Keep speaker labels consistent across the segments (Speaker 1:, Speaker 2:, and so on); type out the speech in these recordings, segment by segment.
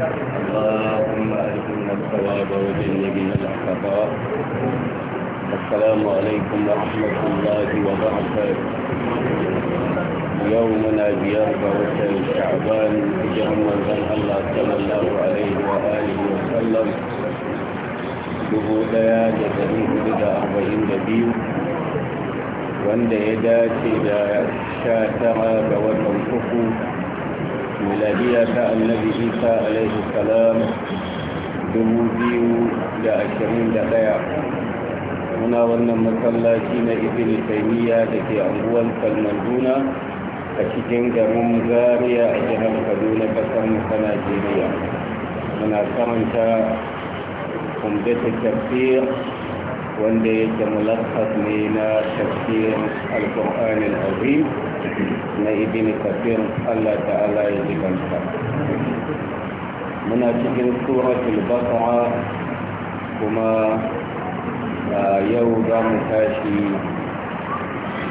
Speaker 1: اللهم أرحمنا الثواب وجنبنا العقباء السلام عليكم ورحمة الله وبركاته يومنا بيربع وسائل شعبان جرم وزن الله صلى الله عليه وآله وسلم يا جسدين بدأ أربعين دبيو وان دا يداتي دا شاترا بوتن miladiya ta annabi isa alaihi salam dubu biyu da ashirin da ɗaya muna wannan masallaci na ibn taimiyya da ke anguwar kalmanduna a cikin garin zaria a jihar kaduna kasar ta najeriya muna karanta kumdata tafsir wanda yake mulakas ne na tafsir alkur'anin azim na ibn kafir Allah ta'ala ya ji muna cikin suratul baqara kuma yau za mu tashi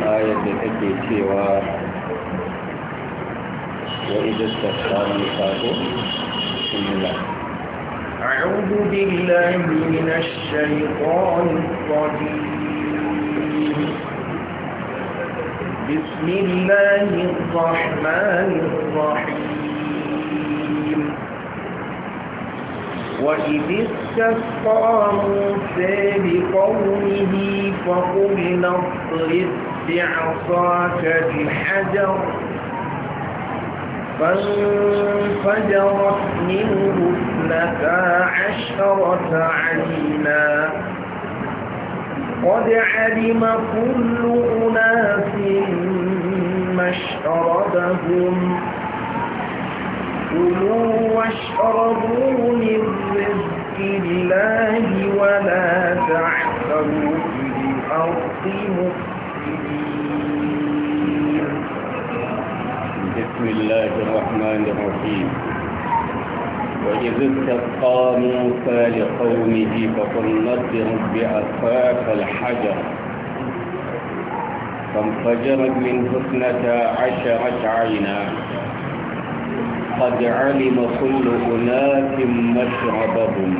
Speaker 1: ayar da take cewa وإذا استغفر نساءه
Speaker 2: بسم الله
Speaker 3: أعوذ بالله من الشيطان الرجيم بسم الله الرحمن الرحيم وإذ استسقى موسى بقومه فقلنا اضرب بعصاك الحجر فانفجرت منه اثنتا عشرة عينا قد علم كل أناس مشردهم كلوا واشربوا من رزق الله ولا تعثروا في الأرض مفسدين
Speaker 1: بسم الله الرحمن الرحيم وإذ استسقى موسى لقومه فقل اضرب بعصاك الحجر فانفجرت منه اثنتا عشرة عينا قد علم كل أناس مشربهم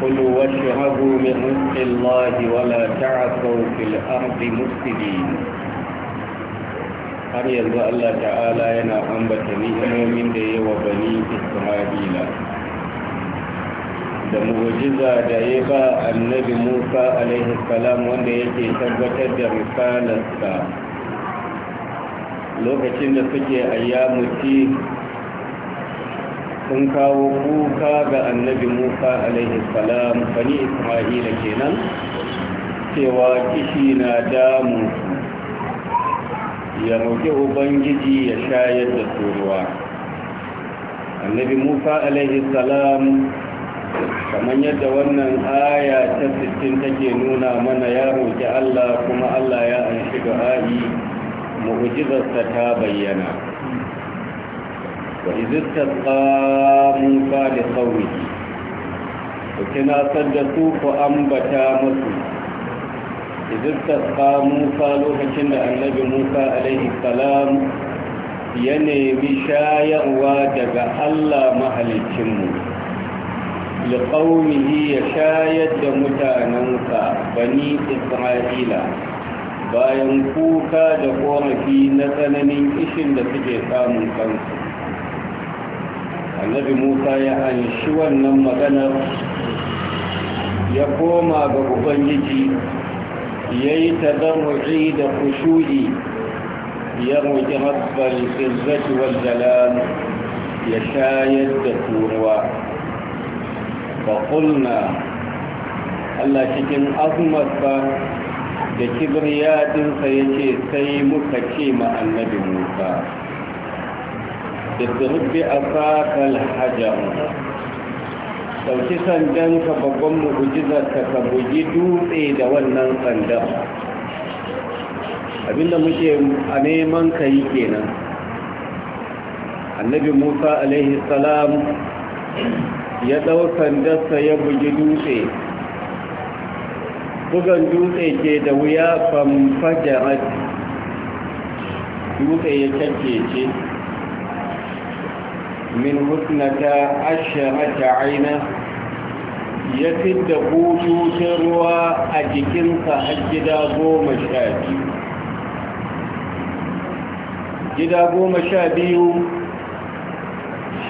Speaker 1: كلوا واشربوا من رزق الله ولا تعثوا في الأرض مفسدين har yanzu Allah ta'ala yana ambata ni'imomin da yawa bani Isra'ila da mu'jiza da ya ba annabi Musa alaihi salam wanda yake tabbatar da risalarsa lokacin da suke ayyamuti sun kawo kuka ga annabi Musa alaihi salam bani Isra'ila kenan cewa kishi na damu ya roƙi ubangiji ya shayar da turuwa annabi musa alaihi salam kamar yadda wannan aya ta 60 take nuna mana ya roƙi allah kuma allah ya an shiga ayi mu'ujizarsa ta bayyana wa izista musa da sauri ku tunatar da su ku ambata musu izistasqa musa lokacin da annabi musa alaihi salam ya nemi shayarwa daga allah mahalicinmu liƙaunihi ya shayar da mutanensa bani isra'ila bayan kuka da ƙorafi na tsananin ishin da suke samun kansu annabi musa ya anshi wannan maganar ya koma ga ubangiji yayi tadarru'i da khushu'i ya roƙi rabbal izzati wal jalal ya shayar da turuwa fa qulna Allah cikin ba da kibriyadinsa ya ce sai muka ce ma annabi musa da turbi asakal hajar ɗauki sandan ka babban mujizarta ka bugi dutse da wannan sandan abinda muke a neman ka yi kenan annabi musa alaihi salam ya ɗau sandarsa ya bugi dutse bugan dutse ke da wuya famfajarar dutse ya cakkece min husnata asharata aina ya fidda bututun ruwa a jikinsa a gida goma sha biyu gida goma sha biyu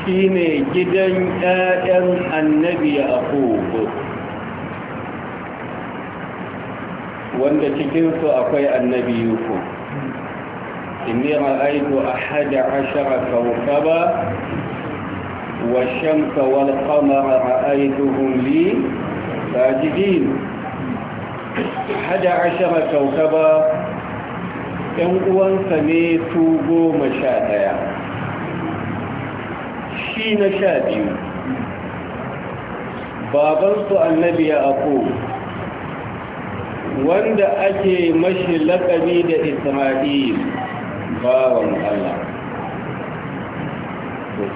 Speaker 1: shi ne gidan 'ya'yan annabi a kogo wanda cikinsu akwai annabi yuku inni ra'aitu ahada ashara kawkaba والشمس والقمر رأيتهم لي ساجدين أحد عشر كوكبا ينقوان سميتو قوم شاديا شين شادي بابنت النبي أقول wanda ake mashi laƙabi da Isra'il bawan Allah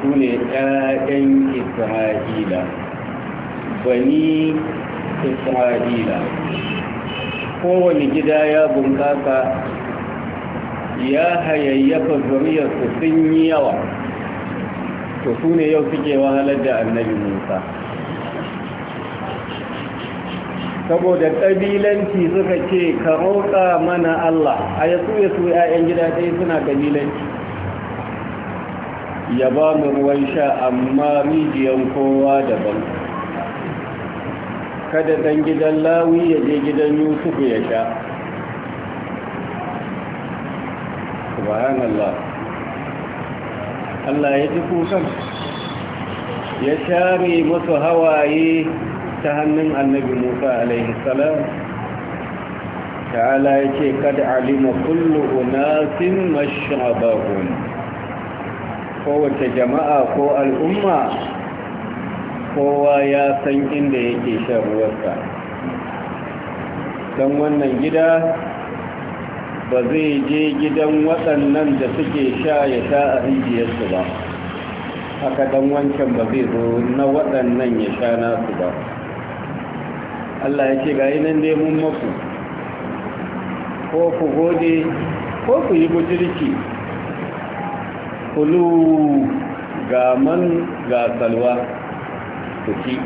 Speaker 1: su ne ‘ya'yan isra'ila bani isra'ila kowane gida ya bunƙasa ya hayayyafa zuriyarsu sun yi yawa to su ne yau suke wahalar da annabi musa saboda ƙabilanci suka ce ka roƙa mana allah a yasu yasu 'ya'yan gida ɗaya suna ƙabilanci ya ba mu ruwan sha amma rijiyan kowa daban kada ɗan gidan lawi ya je gidan Yusuf ya sha bayan Allah ya ji kusan ya share musu hawaye ta hannun annabi musa alaihi salam ta'ala ya ce kada alima kullu unasin mashrabahum kowace jama'a ko al'umma kowa ya san inda yake shan ruwarsa don wannan gida ba zai je gidan waɗannan da suke sha ya sha a rijiyarsu ba haka don wancan ba zai zo na waɗannan ya sha nasu ba Allah ya ce ga yi nan neman maku ko ku gode ko ku yi bujirki kulu ga man ga salwa ku ci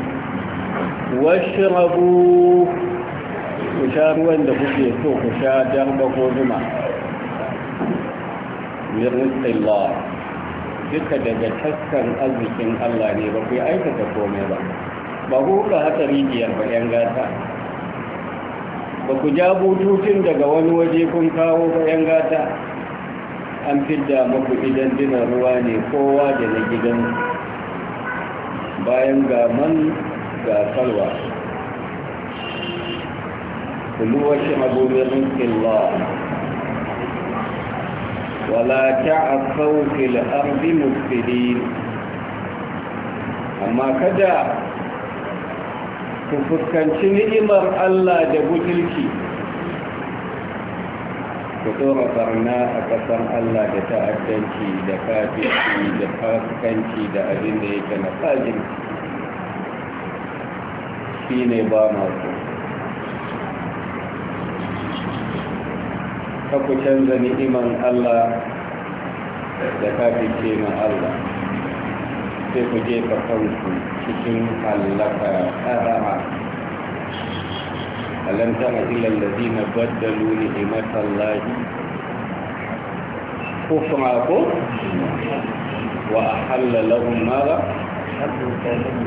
Speaker 1: rabu ku sha ruwan da kuke so ku sha jarba ko zuma duka daga taskar arzikin allah ne ba ku yi aikata komai ba ba ku ka haka rijiyar ba 'yan gata ba ku ja bututun daga wani waje kun kawo ba 'yan gata an fidda maku idan dinar ruwa ne kowa da na gidan bayan ga man ga salwa kuluwar shi abubuwan Allah wala a fil ardi mufsidin amma kada ku fuskanci ni'imar Allah da butulki. ku barna a kasan Allah da ta'addanci da kafirci da fasikanci da abin da yake na fajin shi ne ba masu ka ku canza ni'iman Allah da kafirce ma Allah sai ku jefa kanku cikin hallaka ƙarama ألم تر إلى الذين بدلوا نعمة الله كفرا وأحل لهم ماذا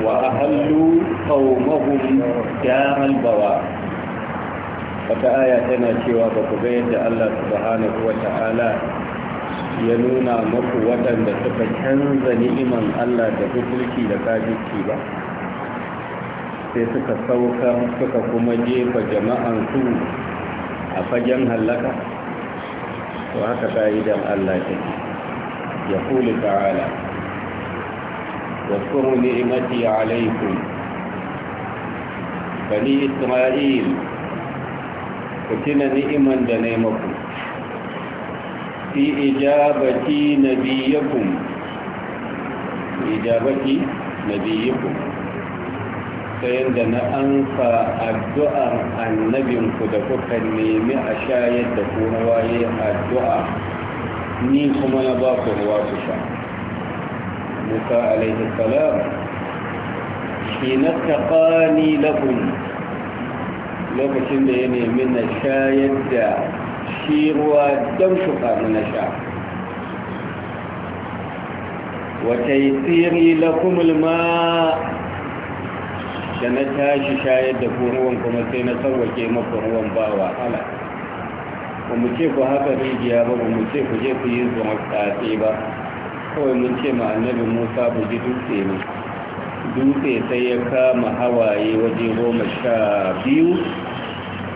Speaker 1: وأهلوا قومهم دار البوار wata aya tana cewa ba ku ga yadda Allah subhanahu wa ta'ala ya nuna maku waɗanda suka canza ni'iman Allah da hukunci da kafirci ba sai suka sauka suka kuma jefa jama'ansu a fagen hallaka to haka ka'idan Allah ke. ya kuli ta'ala wasu ni'imati alaikum bani isra'il ku tuna ni'iman da na maku fi ijabati nabiyakum ijabati nabiyakum ta yadda na anfa addu'ar annabinku da kuka nemi a shayar da ku addu'a ni kuma na ba ku ruwa ku sha musa alaihi salam shi na taƙani lahun lokacin da ya nemi na shayar da shi ruwa don shuka na sha tsiri لكم الماء da na tashi shayar da ku ruwan kuma sai na sauwake maku ruwan ba wahala ba mu ce ku haka rijiya ba ba mu ce ku je ku yi zuwa tsatse ba kawai mun ce ma annabi musa ku ji dutse ne dutse sai ya kama hawaye waje goma sha biyu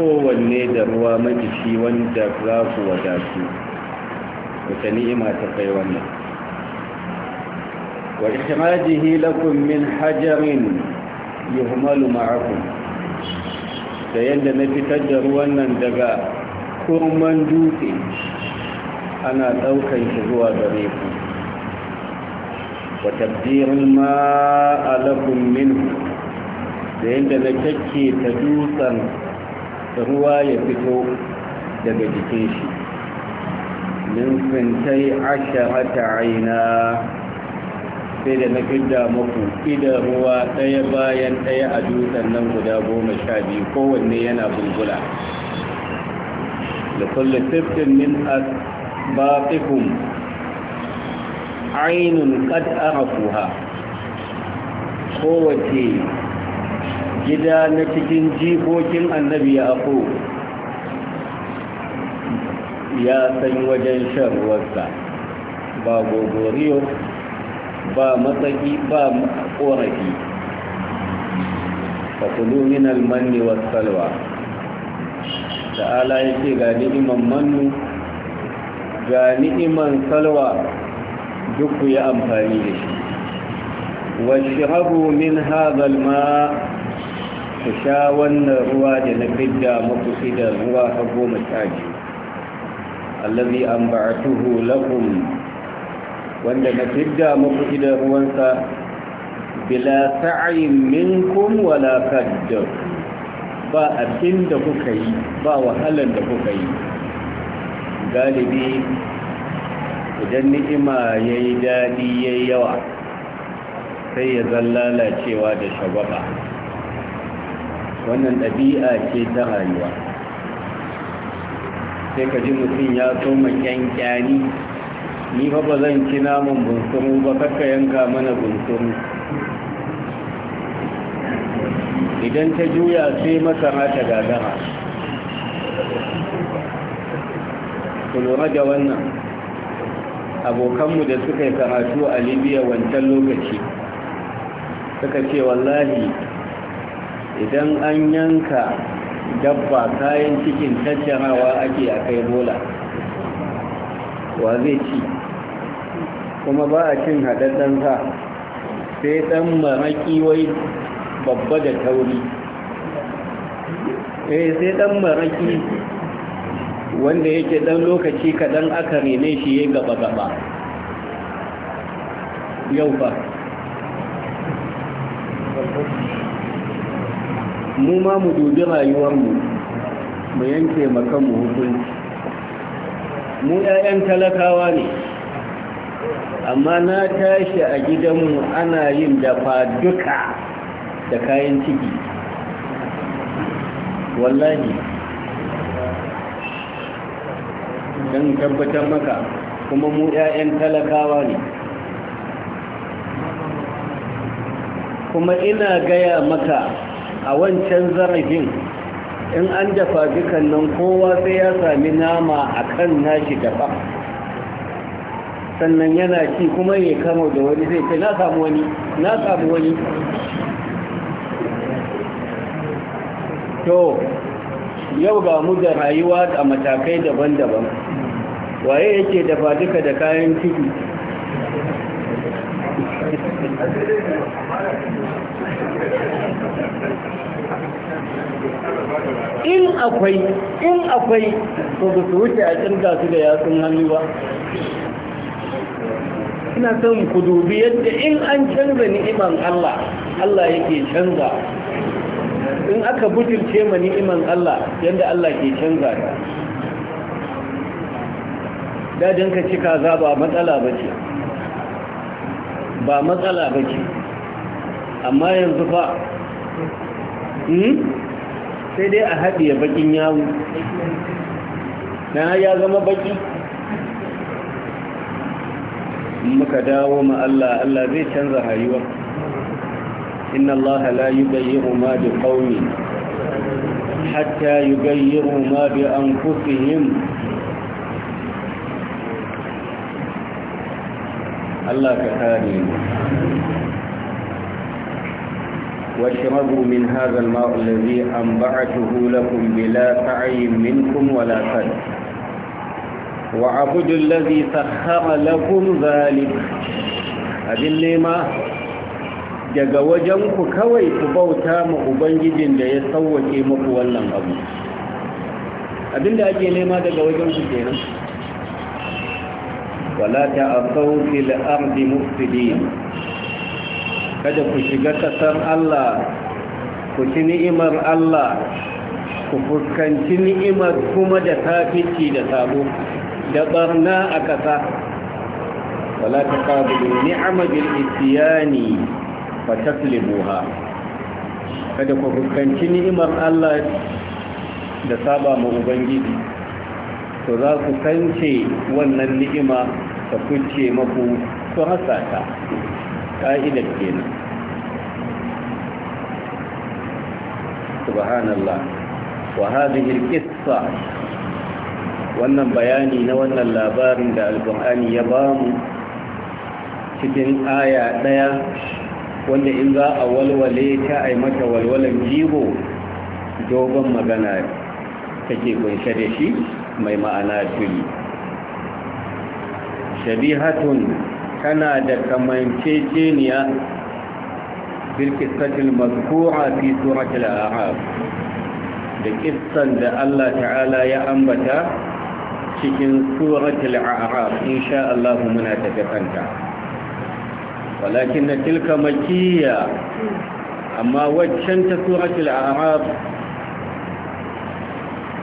Speaker 1: kowanne da ruwa magishi wanda za ku wadatu wata ni'ima ta kai wannan wa ihtimadihi lakum min hajarin yuhmalu ma'akum da yadda na fitar da ruwan nan daga kurman dutse ana ɗaukan shi zuwa gare ku wa tabdirin ma'alakun minhu da yadda na kyakke ta dutsen ruwa ya fito daga jikin shi min fintai asharata aina sai da na fidda muku ruwa ɗaya bayan ɗaya a dutsen nan guda goma sha biyu kowanne yana bulbula da kulle tiftin min asbaqikum ainun qad kuwa. kowace gida na cikin jikokin annabi ya ako ya san wajen shan ruwarsa ba gogoriyo ba matsaki ba korafi fa kulu min almanni was salwa ya ce ga ni'iman mannu ga ni'iman salwa duk ku yi amfani da shi washrabu min hadha ma ku sha wannan ruwa da na fidda muku idan ruwa a goma sha biyu allazi an ba'atuhu lakum wanda na fidda muku idan ruwansa bila sa'ayin minkum wala kaddar ba abin da kuka yi ba wahalan da kuka yi galibi idan ni'ima ya yi daɗi ya yi yawa sai ya zan lalacewa da shagwaba wannan ɗabi'a ce ta rayuwa sai ka ji mutum ya tsoma kyankyani ni fa ba zan ci naman bunsuru ba kakka yanka mana bunsuru idan ta juya sai masara ta gagara ku lura da wannan abokanmu da suka yi karatu a libya wancan lokaci suka ce wallahi idan an yanka dabba kayan cikin tattarawa ake a kai bola wa zai ci kuma ba a cin haɗaɗɗen sa sai ɗan maraƙi wai babba da tauri eh sai ɗan maraƙi wanda yake ɗan lokaci kaɗan aka rene shi ya gaba-gaba yau ba mu ma mu dubi rayuwarmu mu yanke makamu hukunci mu 'ya'yan talakawa ne amma na tashi a gidanmu ana yin dafa duka da kayan ciki wallahi don tabbatar maka kuma mu 'ya'yan talakawa ne kuma ina gaya maka a wancan zarafin in an dafa dukan nan kowa sai ya sami nama a kan nashi dafa sannan yana ci kuma ya kama da wani zai ce na samu wani na samu wani to yau ga mu da rayuwa a matakai daban-daban waye yake dafa duka da kayan ciki in akwai in akwai to su wuce a kirga su da yatsun hannu ba ina son ku dubi yadda in an canza ni'iman Allah Allah yake canza in aka bujirce ma ni'iman Allah yadda Allah ke canza ta dajin ka cika za ba matsala bace, ba matsala bace, amma yanzu fa hmm? sai dai a haɗiye bakin yawo, na ya zama baki muka dawo ma Allah Allah zai canza hayuwa inna Allah la yubayyiru ma bi qaumi hatta yubayyiru ma bi anfusihim Allah ka kare mu واشربوا من هذا الماء الذي أنبعته لكم بلا سعي منكم ولا فد وعبد الذي سخر لكم ذلك abin nema daga wajenku kawai ku bauta ma ubangijin da ya sauwake muku wannan abu abin da ake nema daga wajenku kenan wala ta'asau fil ardi mufsidin kada ku shiga kasar Allah ku ci ni'imar Allah ku fuskanci ni'imar kuma da tafici da sabo da barna a ƙasa wala ta ƙabilu ni'ama bil istiyani fa taslibuha kada ku fuskanci ni'imar Allah da saba ma ubangiji to za ku kance wannan ni'ima ta kuce maku ku rasa ta ƙa'idar kenan subhanallah wa hadhihi al-qissa wannan bayani na wannan labarin da alkur'ani ya ba mu cikin aya ɗaya wanda in za a walwale ta a mata walwalan jiho dogon magana take kunshe da shi mai ma'ana tuli shabihatun tana da kamanceceniya bilkistatil mazkura fi suratul a'raf da kissan da Allah ta'ala ya ambata cikin suratul a'raf insha Allah muna tafi kanta walakin tilka makiyya amma waccan ta suratul a'raf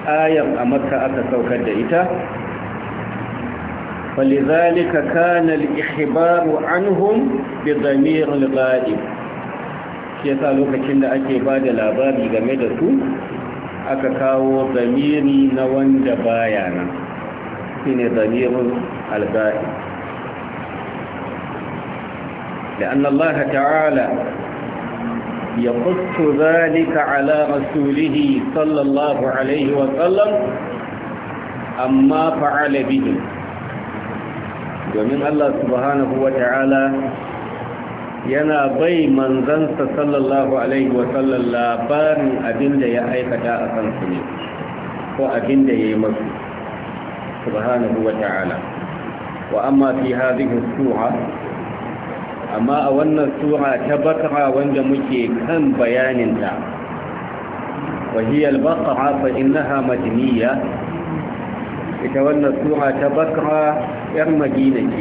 Speaker 1: ayar a makka aka saukar da ita فلذلك كان الإخبار عنهم بضمير الغائب shi yasa lokacin da ake ba da labari game da su aka kawo zamiri na wanda baya nan shine zamirin alba'i لأن الله تعالى يقص ذلك على رسوله صلى الله عليه وسلم أما فعل بهم domin Allah subhanahu wa ta'ala yana bai manzansa sallallahu alaihi wa sallam labarin abin da ya aikata a kansu ne ko abin da ya yi masu سبحانه وتعالى وأما في هذه السورة أما أولنا السورة تبقى وانجمك كم بيان ذا وهي البقرة فإنها مدنية تولى السورة تبقى إرمجينك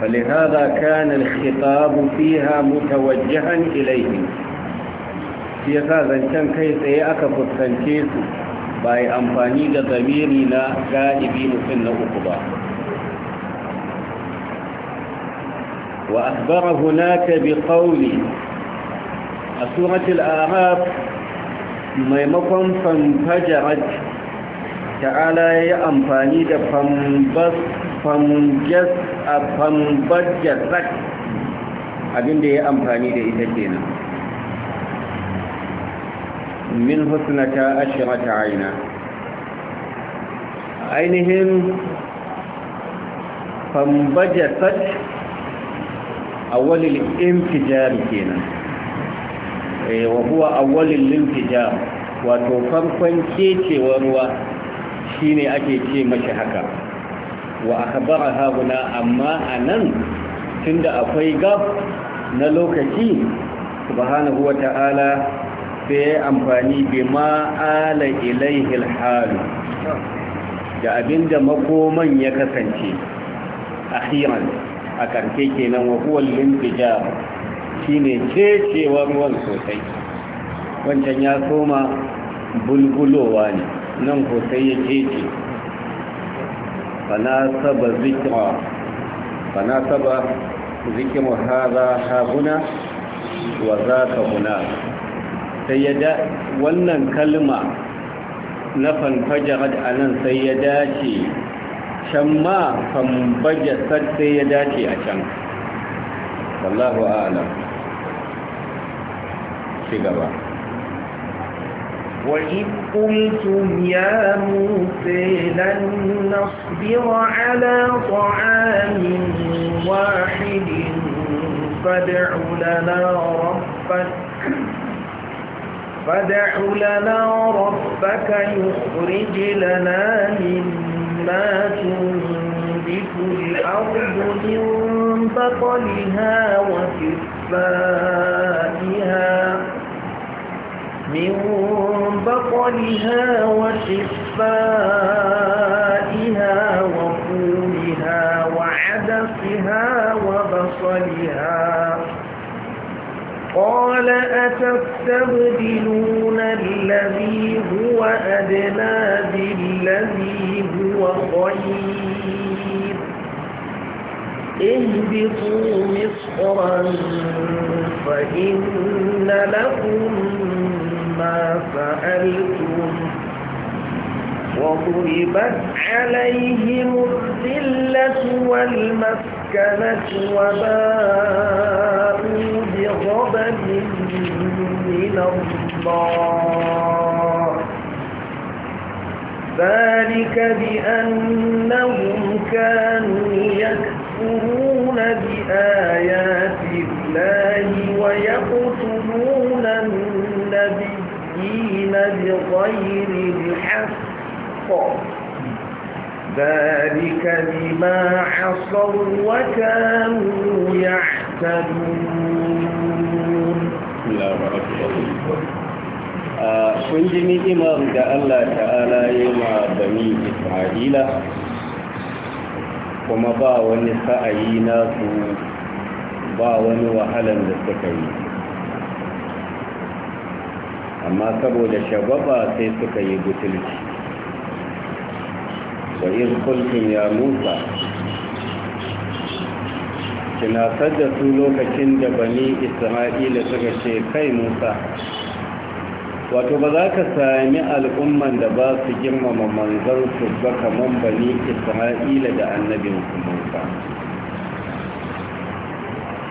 Speaker 1: فلهذا كان الخطاب فيها متوجها إليهم في هذا كان كيف يأكف التنكيس ba yi amfani da zamiri na ga'ibi mutum na uku ba wa asbara hunaka bi qawli a suratul araf maimakon fanfajarat ta'ala ya yi amfani da fambas abinda ya amfani da ita kenan min husnata ashirata aina ainihin fambajasat awalil imtijar kenan eh, wa huwa awalil imtijar wato farkon kecewar ruwa shine ake ce mashi haka wa akhbara hauna amma nan, tunda akwai gaf na lokaci subhanahu ta'ala sai ya amfani bi ma'ala ilaihil halu da abinda makoman ya kasance a hiran a karke kenan wa huwa lintijar shine cecewa ruwan sosai wancan ya soma bulgulowa ne nan sai ya cece fana saba zikira fana saba zikirar haza haguna wa zaka sai ya wannan kalma na fanfajarat a nan sai ya dace can ma fanfajasar sai ya dace a can wallahu alam shi gaba
Speaker 3: وإذ قلتم يا موسى لن نصبر على طعام واحد فادع لنا ربك فدع لنا ربك يخرج لنا مما تنبت الأرض من بطلها وكفائها من بطلها وشفائها وفولها وعدسها وبصلها قال أتستبدلون الذي هو أدنى بالذي هو خير اهبطوا مصرا فإن لكم ما سألتم وضربت عليهم الذلة والمسكنة فكلت وباء بغضب من الله ذلك بأنهم كانوا يكفرون بآيات الله ويقتلون النبيين بغير الحق ذلك بما عصوا وكانوا يحتدون
Speaker 1: الله kun ji ni'imar da Allah ta'ala ya ma bani Isra'ila kuma ba wani sa'ayi nasu ba wani wahalan da suka yi amma saboda shababa sai suka yi butulci وإذ قلتم يا موسى kina sadda su lokacin da bani isra'ila suka ce kai musa wato ba za ka sami al'umman da ba su girmama manzansu ba kamar bani isra'ila da annabin musa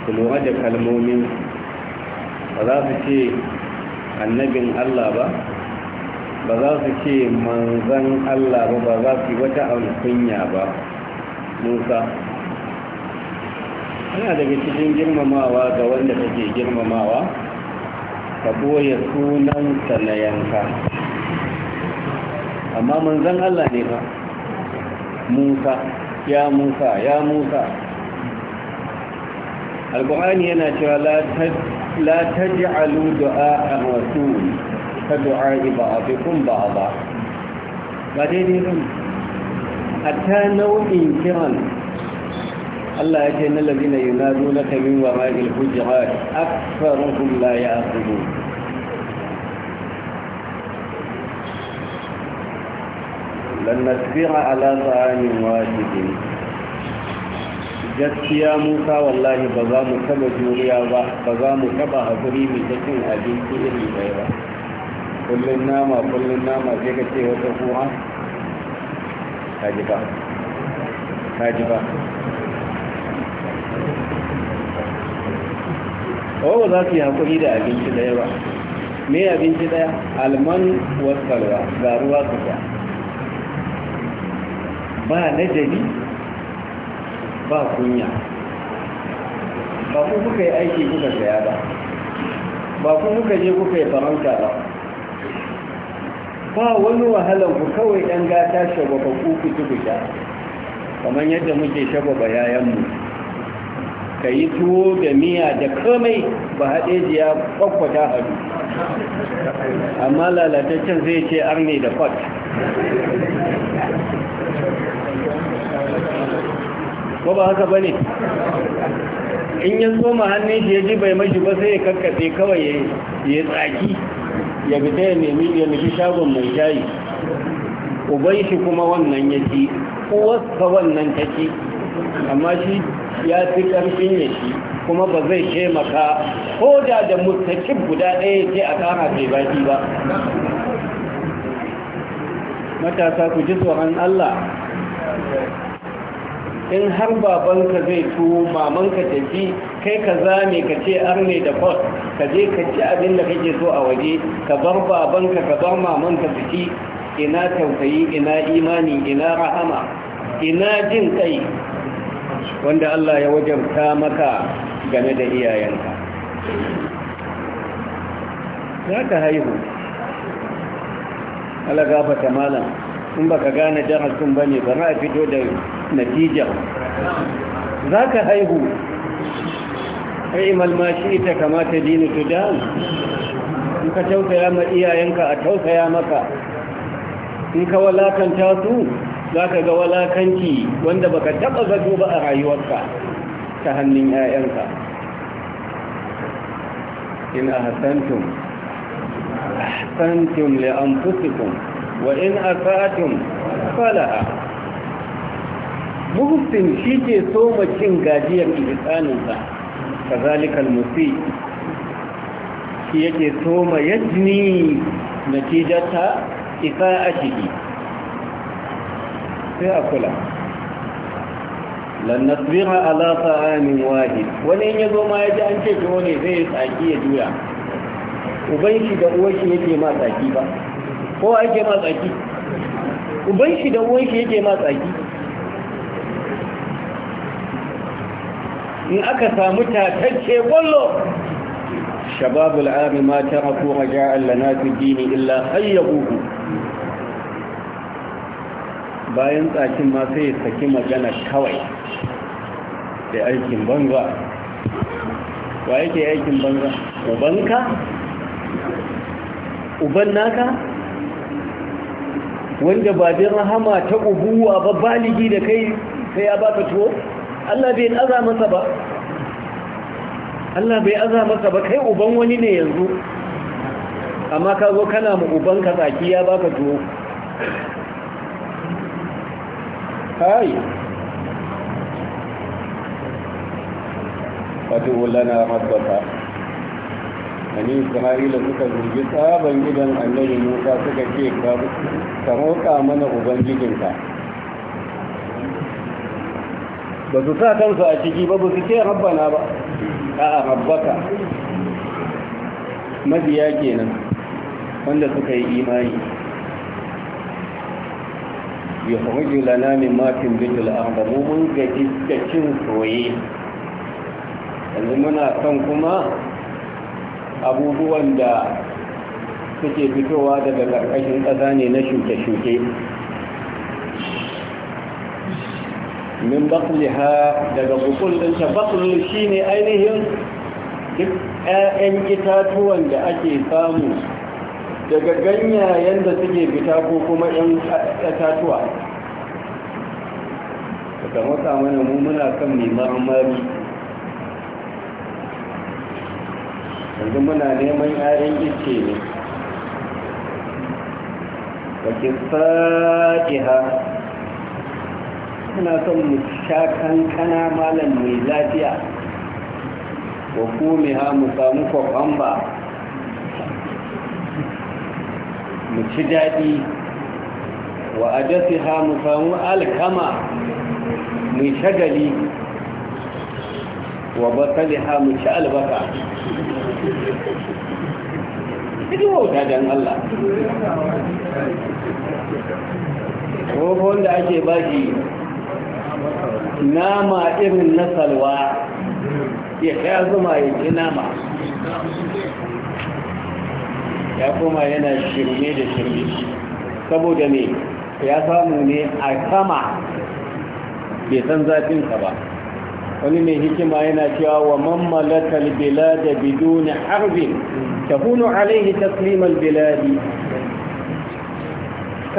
Speaker 1: su lura da kalmomin ba za su ce annabin allah ba ba za su ce manzan Allah ba ba za su yi wata alkunya ba musa ana daga cikin girmamawa ga wanda take girmamawa ka boye sunansa na yanka amma manzan Allah ne ba musa ya musa ya musa alkuhani yana cewa la taj'alu da ar-rasul ka a fi ba'da ba daidai ba ta nau'in kiran Allah ya ce na lalina yunadu na kamin wa ma'il hujjara aksaruhum la ya'qilu lan nasbira ala ta'amin wajibin gaskiya musa wallahi ba za mu taba juriya ba ba za mu taba haƙuri mai cikin abinci irin bai ba kullum nama kullum nama sai ka ce wata kuma ta ji ba ba za su yi haƙuri da abinci ɗaya ba me abinci ɗaya alman wasarwa ga ruwa su ba ba najali ba kunya ba ku kuka yi aiki kuka saya ba ba ku kuka je kuka yi faranta ba ba wani wahalanku ku kawai ɗan gata shababa ku fito fita kamar yadda muke shababa yayanmu ka yi tuwo da miya da kamai ba haɗe jiya ƙwaƙwata hadu amma lalataccen zai ce arne da fat ko ba haka ba ne in ya ma hannun shi ya ji bai mashi ba sai ya kakkafe kawai ya tsaki ya fita ya nemi ya nufi shagon mai shayi ubai shi kuma wannan ya ci uwarsa wannan ta ci amma shi ya fi ƙarfin ya ci kuma ba zai taimaka ko da da mutakin guda ɗaya ce a kara kai baki ba matasa ku ji tsoron Allah in har babanka zai tuwo mamanka tafi kai ka zame ka ce arne da kwas ka je ka ci abin da kake so a waje ka bar babanka ka bar mamanka su ci ina tausayi ina imani ina rahama ina jin kai wanda Allah ya wajabta maka game da iyayenka za ka haihu ala gafata malam in baka gane darasin bane ba a fito da natijar za ka haihu ƙa'imal ma ita kamata dini tudan in ka tausaya ma iyayenka a tausaya maka in ka walakanta su za ka ga walakanci wanda baka taɓa zato ba a rayuwarka ta hannun 'ya'yanka in ahsantum ahsantum li anfusikum wa in asa'atum falaha muhsin shi ke soma cin gajiyar ihsaninsa kazalikal musi shi yake so ma yajni natijata isa'atihi sai a kula lan nasbira ala ta'amin wahid wani in yazo ma ji an ce to ne zai tsaki ya juya uban shi da uwan shi yake ma tsaki ba ko ake ma tsaki uban shi da uwan shi yake ma tsaki in aka samu tatacce kwallo shababul ami ma taraku raja'an lana fi dini illa hayyabuhu bayan tsakin ma sai ya saki magana kawai da aikin banza wa yake aikin banza ubanka uban naka wanda ba bin rahama ta ubuwa ba baligi da kai sai ya baka tuwo Allah bai aza masa ba Allah bai aza masa ba kai uban wani ne yanzu amma ka zo kana mu uban ka tsaki ya baka tuwo hai wato lana rabbaka bani isra'ila suka zurgi tsaban gidan annabi musa suka ce ka roƙa mana ubangijinka ba su sa kansu a ciki ba ba su ce rabbana ba a rabbaka mabiya kenan wanda suka yi imani ya faruji lanamin min bitul arba mun ga cin soye yanzu muna kan kuma abubuwan da suke fitowa daga ƙarƙashin ƙasa ne na shuke-shuke min bakliha daga bukul ɗinta bakul shi ne ainihin duk 'ya'yan itatuwan da ake samu daga ganyayen da suke fita ko kuma 'yan itatuwa daga maka mana mu muna kan mai marmari yanzu muna neman 'ya'yan ice ne wakil sa'iha suna son mu sha kankana malam mai lafiya wa kome ha mu samu kwakwan ba mu ci daɗi wa adasi ha mu samu alkama mu shagali wa batali ha mu ci albaka Idi wauta don Allah. Ko wanda ake baki nama irin na salwa ya sha zuma ya ci nama ya kuma yana shirme da shirme saboda ne ya samu ne a sama bai san zafinsa ba wani mai hikima yana cewa wa mammalakal da biduni harbin tahunu alaihi taslimal biladi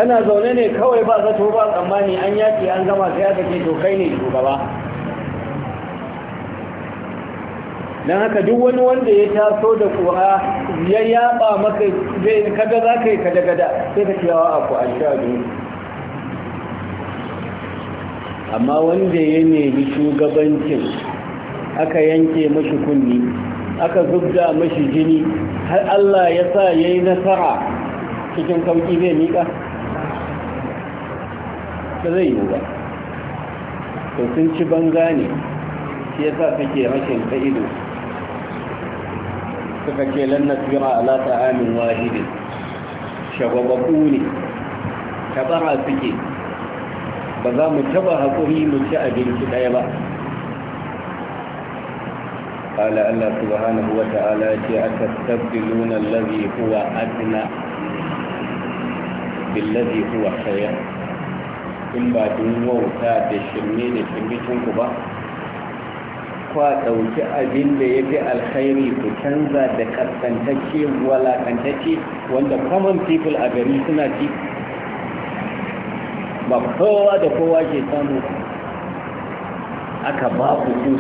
Speaker 1: kana zaune ne kawai ba zato ba tsammani an yaki an gama sai ya ce to ne shugaba don haka duk wani wanda ya taso da kura ya yaba maka zai kaga za ka yi kada-kada sai ka cewa a sha amma wanda ya nemi shugabancin aka yanke mashi kunni aka zubda mashi jini har Allah ya sa ya yi nasara cikin kauki zai miƙa ba zai yi ba to sun ci banza ne shi sa kake rashin ka'ido suka ce lannas yara ala wahidin shababaku ne tabara suke ba za mu taba haƙuri mu ci abinci ɗaya ba قال الله سبحانه وتعالى أتستبدلون الذي هو أدنى بالذي هو خير in ba don wauta da shirme da shirmicinku ba kwa ɗauki abin da ya fi alkhairi ku canza da kaskantacce walakantacce wanda common people a gari suna ci ba kowa da kowa ke samu aka ba ku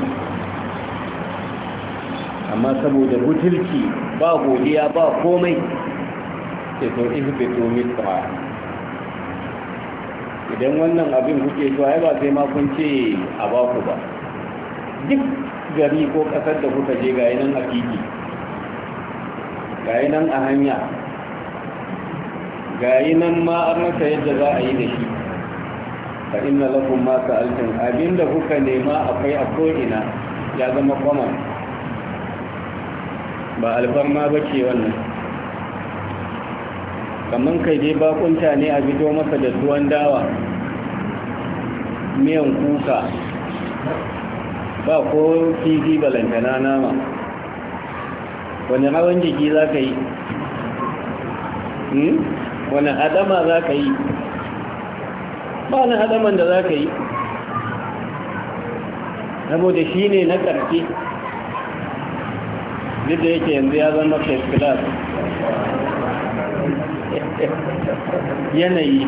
Speaker 1: amma saboda butulki ba godiya ba komai ke so ihbe domin mitra idan wannan abin kuke so ai ba sai ma kun ce a ba ku ba duk gari ko kasar da kuka je ga nan a titi ga nan a hanya ga nan ma an masa yadda za a yi da shi fa inna lakum ma Abin da kuka nema akwai a ko'ina ya zama kwamon ba alfarma ba ce wannan kamar kai dai bakunta ne a fito masa da tuwon dawa miyan kuka ba ko kifi balantana nama wani hawan jiki za ka yi hmm? wani hadama za ka yi ba wani hadaman da za ka yi saboda shi ne na karfi duk da yake yanzu ya zama first class yanayi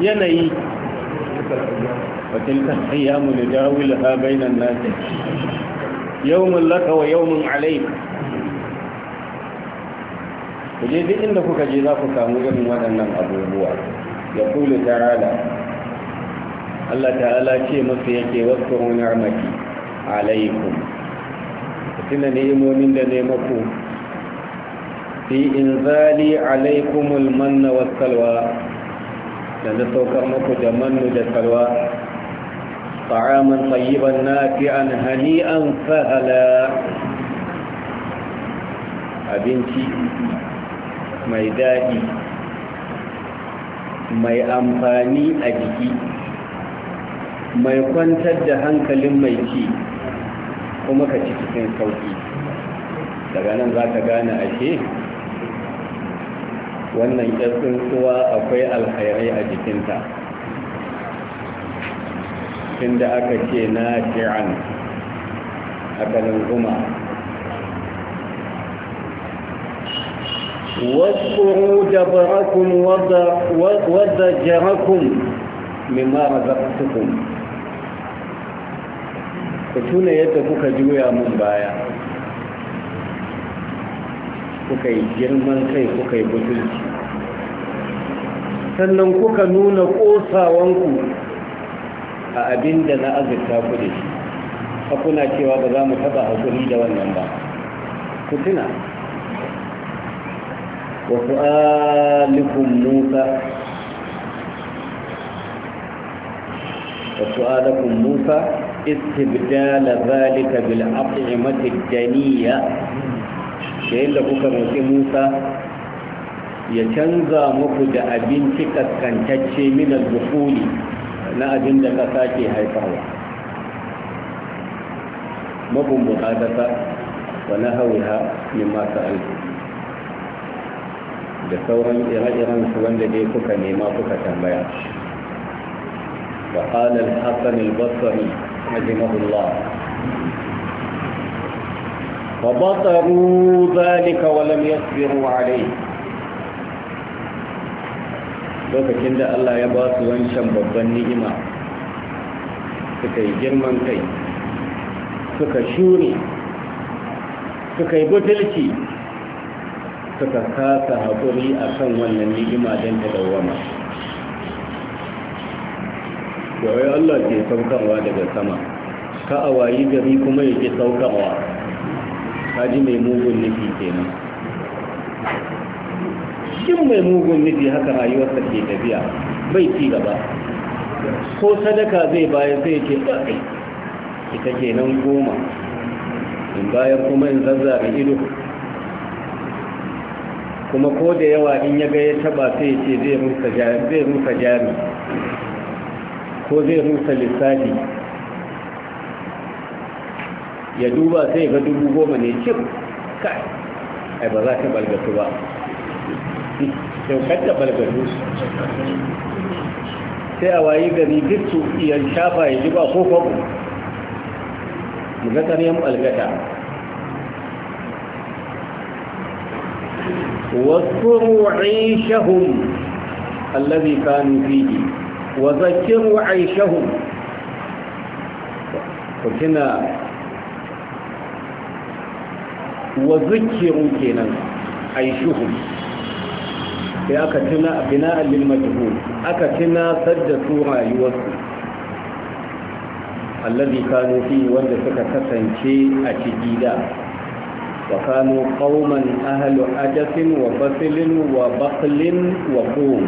Speaker 1: yanayi وتلك الأيام نجاولها بين الناس يوم لك ويوم عليك kuje duk inda kuka je za ku samu ganin waɗannan abubuwa ya kula ta'ala Allah ta'ala ce masu yake wasu ni'mati alaikum tuna ni'imomin da ne maku fi inzali alaikumul manna wassalwa da na saukar muku da mannu da salwa ta'aman tayyiban nafi'an hani'an sahala abinci mai daɗi mai amfani a jiki mai kwantar da hankalin mai ci kuma ka ci cikin sauki. daga nan za ka gane ashe wannan yar tsuntsuwa akwai alkhairai a jikinta tunda aka ce na shi'an akalin guma واذكروا wadda jarakun mimara رزقتكم ku tuna yadda kuka juya mun baya kuka yi girman kai kuka yi butulci sannan kuka nuna ƙosawanku a abin da na azurta ku da shi a kuna cewa ba za mu taɓa haƙuri da wannan ba ku tuna wasu alikun musa wasu alikun musa istibdala zalika bil aqimati da yadda kuka roƙi musa ya canza muku da abinci kaskantacce minal bukuli na abin da ƙasa ke haifarwa mabumbuka ƙasa wa na hauha min masu alfi da sauran ire-iren su wanda dai kuka nema kuka tambaya wa ƙalar hassan albasari majimahullah فبطروا ذلك ولم يصبروا عليه lokacin da Allah ya ba su wancan babban ni'ima suka yi girman kai suka shuri suka yi butulci suka kasa haƙuri a kan wannan ni'ima don ta dawama yawai Allah ke saukarwa daga sama ka a wayi gari kuma yake saukarwa kaji mai mugun nufi kenan shin mai mugun nufi haka rayuwarsa ke tafiya bai ci gaba ko sadaka zai bayar zai ke ɗaɗai ita kenan goma in bayar kuma in zazzara ido kuma ko da yawa in ya ga ya taba sai ce zai rusa jari ko zai rusa lissafi ya duba sai ga dubu goma ne cif kai ai ba za ta balgatu ba daukar ta balgatu sai a wayi gari duk iya shafa ya ji ko kwabo magatar yan balgata واذكروا عيشهم الذي كانوا فيه وذكروا wa zukiru kenan aishuhum sai aka tuna bina'an lil majhul aka tuna sadda su rayuwarsu allazi kanu fi wanda suka kasance a ciki da wa kanu qauman ahlu ajasin wa basilin wa baqlin wa qum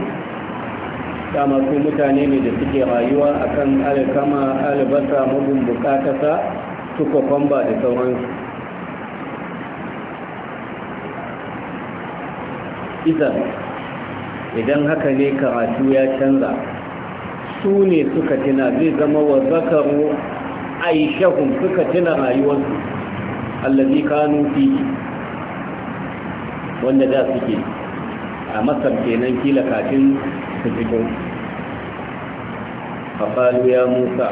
Speaker 1: dama su mutane ne da suke rayuwa akan alkama albasa mabun bukatasa tukwakon ba da sauransu izan idan haka ne karatu ya canza su ne suka tuna zai zama wa zakaru aishahun suka tuna rayuwarsu allazi kanu fi wanda da suke a masar kenan kila kafin su fito faƙalu ya musa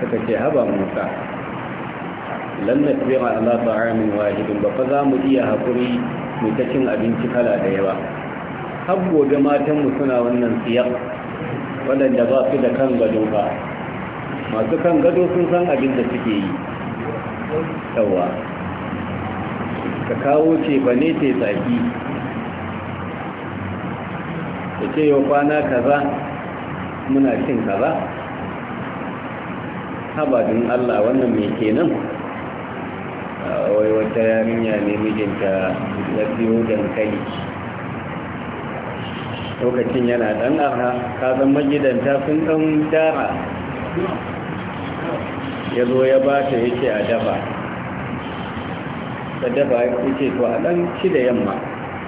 Speaker 1: suka ce haba musa lannan tsira ala ta'amin wahidin ba fa za mu iya haƙuri mai ta cin abinci kala da yawa har gobe matanmu suna wannan siyar waɗanda ba su da kan gado ba masu kan gado sun san abin da suke yi yawa ka kawo ce ba ne ce zaki. ta ce yau kwana kaza muna cin kaza don allah wannan mai kenan wai wata yarinya ne mijinta ya da dankali lokacin yana dan arha kazan magidanta sun dan dara ya zo ya ba ta yake a daba ta daba ya to a dan ci da yamma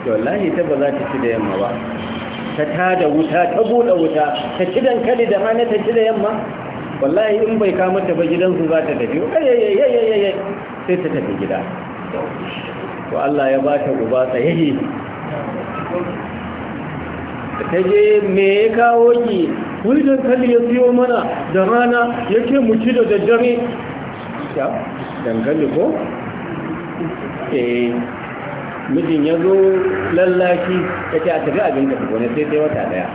Speaker 1: to wallahi ta ba za ta ci da yamma ba ta tada wuta ta buɗe wuta ta ci dankali da rana ta ci da yamma wallahi in bai kama ta ba gidansu za ta tafi sai ta tafi gida to Allah ya ba ta uba tsayayye ta je me ya kawo ki wujen kalli ya siyo mana da rana ya ke mu ci da daddare ya dangane ko? E, mijin ya zo lallaki ya ce a tafi abin da wani sai sai wata daya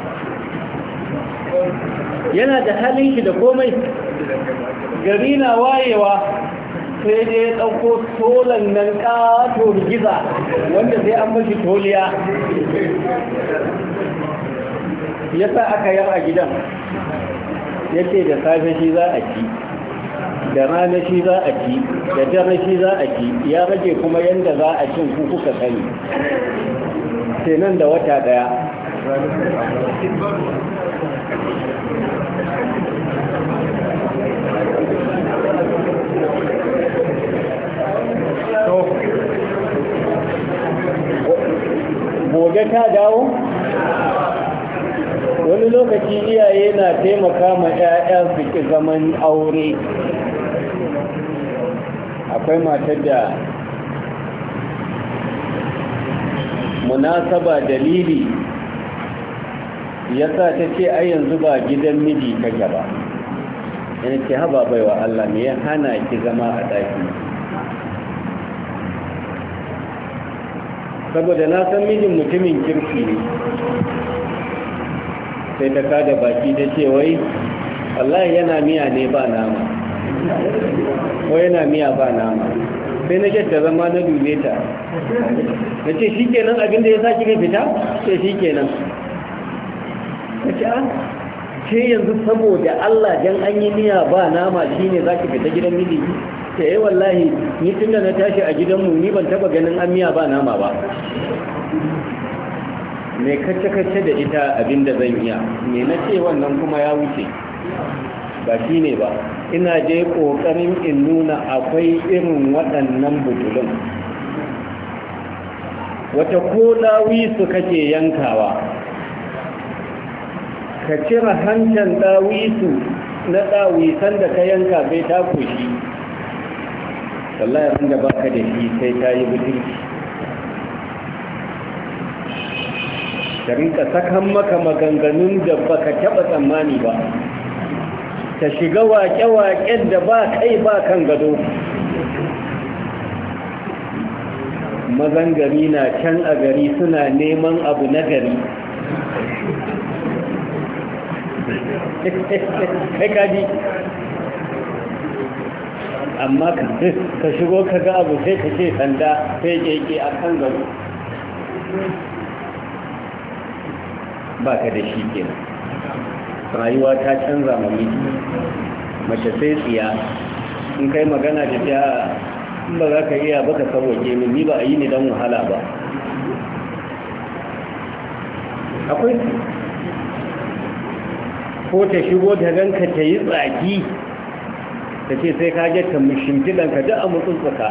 Speaker 1: yana da halin shi da komai gari na wayewa sai dai ya ɗauko tolan nan ƙato giza wanda sai an mashi toliya ya sa aka yi a gidan ya ce da safe shi za a ci da rana shi za a ci da dare shi za a ci ya rage kuma yadda za a cin ku kuka sani sai nan da wata daya gobe ta dawo wani lokaci iyaye na taimaka ma 'ya'ya su ki zaman aure akwai matar da munasaba dalili ya sa ta ce ai yanzu ba gidan miji ka ba yana ce haba baiwa Allah ne ya hana ki zama a ɗaki saboda na san mijin mutumin kirki ne sai ta kada baki ta ce wai Allah yana miya ne ba nama ko yana miya ba nama sai na ta zama na dule ta na ce shi kenan abinda ya sa kika fita sai shi kenan na ce an ah, ce yanzu saboda allah jan an yi miya ba nama shi ne za ki fita gidan miliki ta yi eh, wallahi ni tun na tashi a gidanmu ni ban taba ganin an ba nama ba mai kacce-kacce da ita abinda zan iya me na ce wannan kuma ya wuce ba shi ne ba ina je ƙoƙarin in nuna akwai irin waɗannan butulun wata ko su kake yankawa ka cire hanyar ɗawisu na ɗawisan da ka yanka bai ta wallahi abin da baka da shi sai ta yi butulci ta rinka sakan maka maganganun da baka taba tsammani ba ta shiga waƙe-waƙen da ba kai ba kan gado Mazangari na can a gari suna neman abu na gari kai kaji amma ka shigo ka ga abu sai ka ce sanda sai keke a kan gado ba ka da shi kenan rayuwa ta canza mamiki mace sai tsiya in kai magana da ta in ba za ka iya baka saboke min ni ba a yi ni don wahala ba akwai ko ta shigo ta ganka ta yi tsaki ta ce sai ka getta shimfiɗan ka duk a mutsutsuka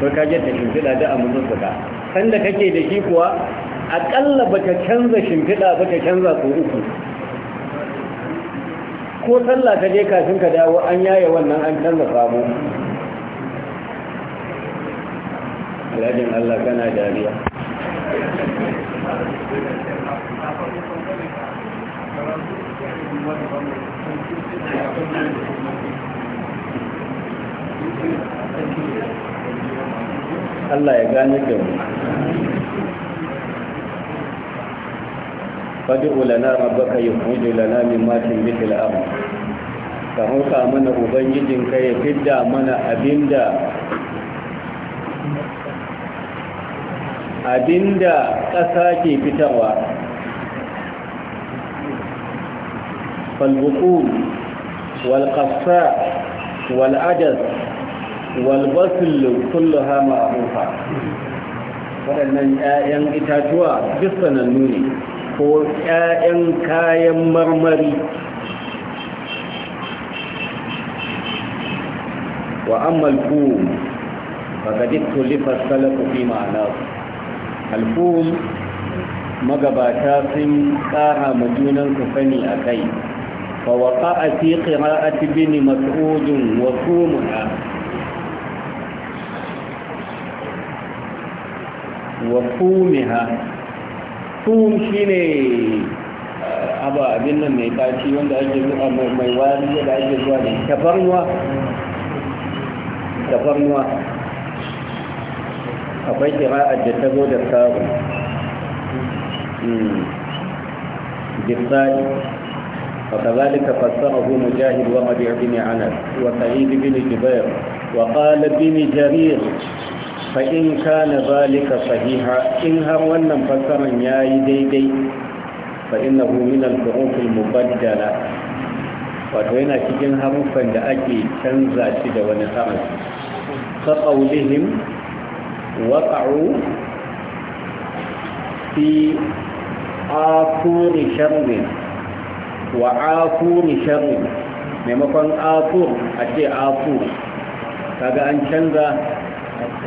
Speaker 1: sai ka getta shimfiɗa duk a tsaka. sanda kake da shi kuwa aƙalla ba ta canza shimfiɗa ba ta canza ko uku ko sallah ta je kafin ka dawo an yaye wannan an canza sabo alhajin Allah kana dariya
Speaker 2: Thank you. Allah
Speaker 1: ya gane da mu Fadi ulana rabbaka yukhruju lana min matin bikil ardh ka hauka mana ubangijin ka ya fidda mana abinda abinda ƙasa ke fitarwa فالبخول والقفاء والعجز والبسل كلها معروفة waɗannan 'ya'yan itatuwa duk sanannu ne ko 'ya'yan kayan marmari wa amma alfum faga dikto lifar salafu fi ma'ana magabata sun ƙara majunansu sani a kai فوقع في قراءة بن مسعود وصومها وصومها صوم شيني aba abin nan mai tashi wanda ake zuwa mai wari da ake zuwa da tafarnuwa tafarnuwa akwai da ta da وكذلك فسره مجاهد وربيع بن عنس وسعيد بن جبير وقال بن جرير فإن كان ذلك صحيحا إن هرولنا فسرا ياي ديدي فإنه من الحروف المبدلة وتوينا cikin haruffan da ake canza shi da wani harafi ka qaulihim waqa'u fi akuri sharrin wa afur sharri maimakon afur a ce afur kaga an canza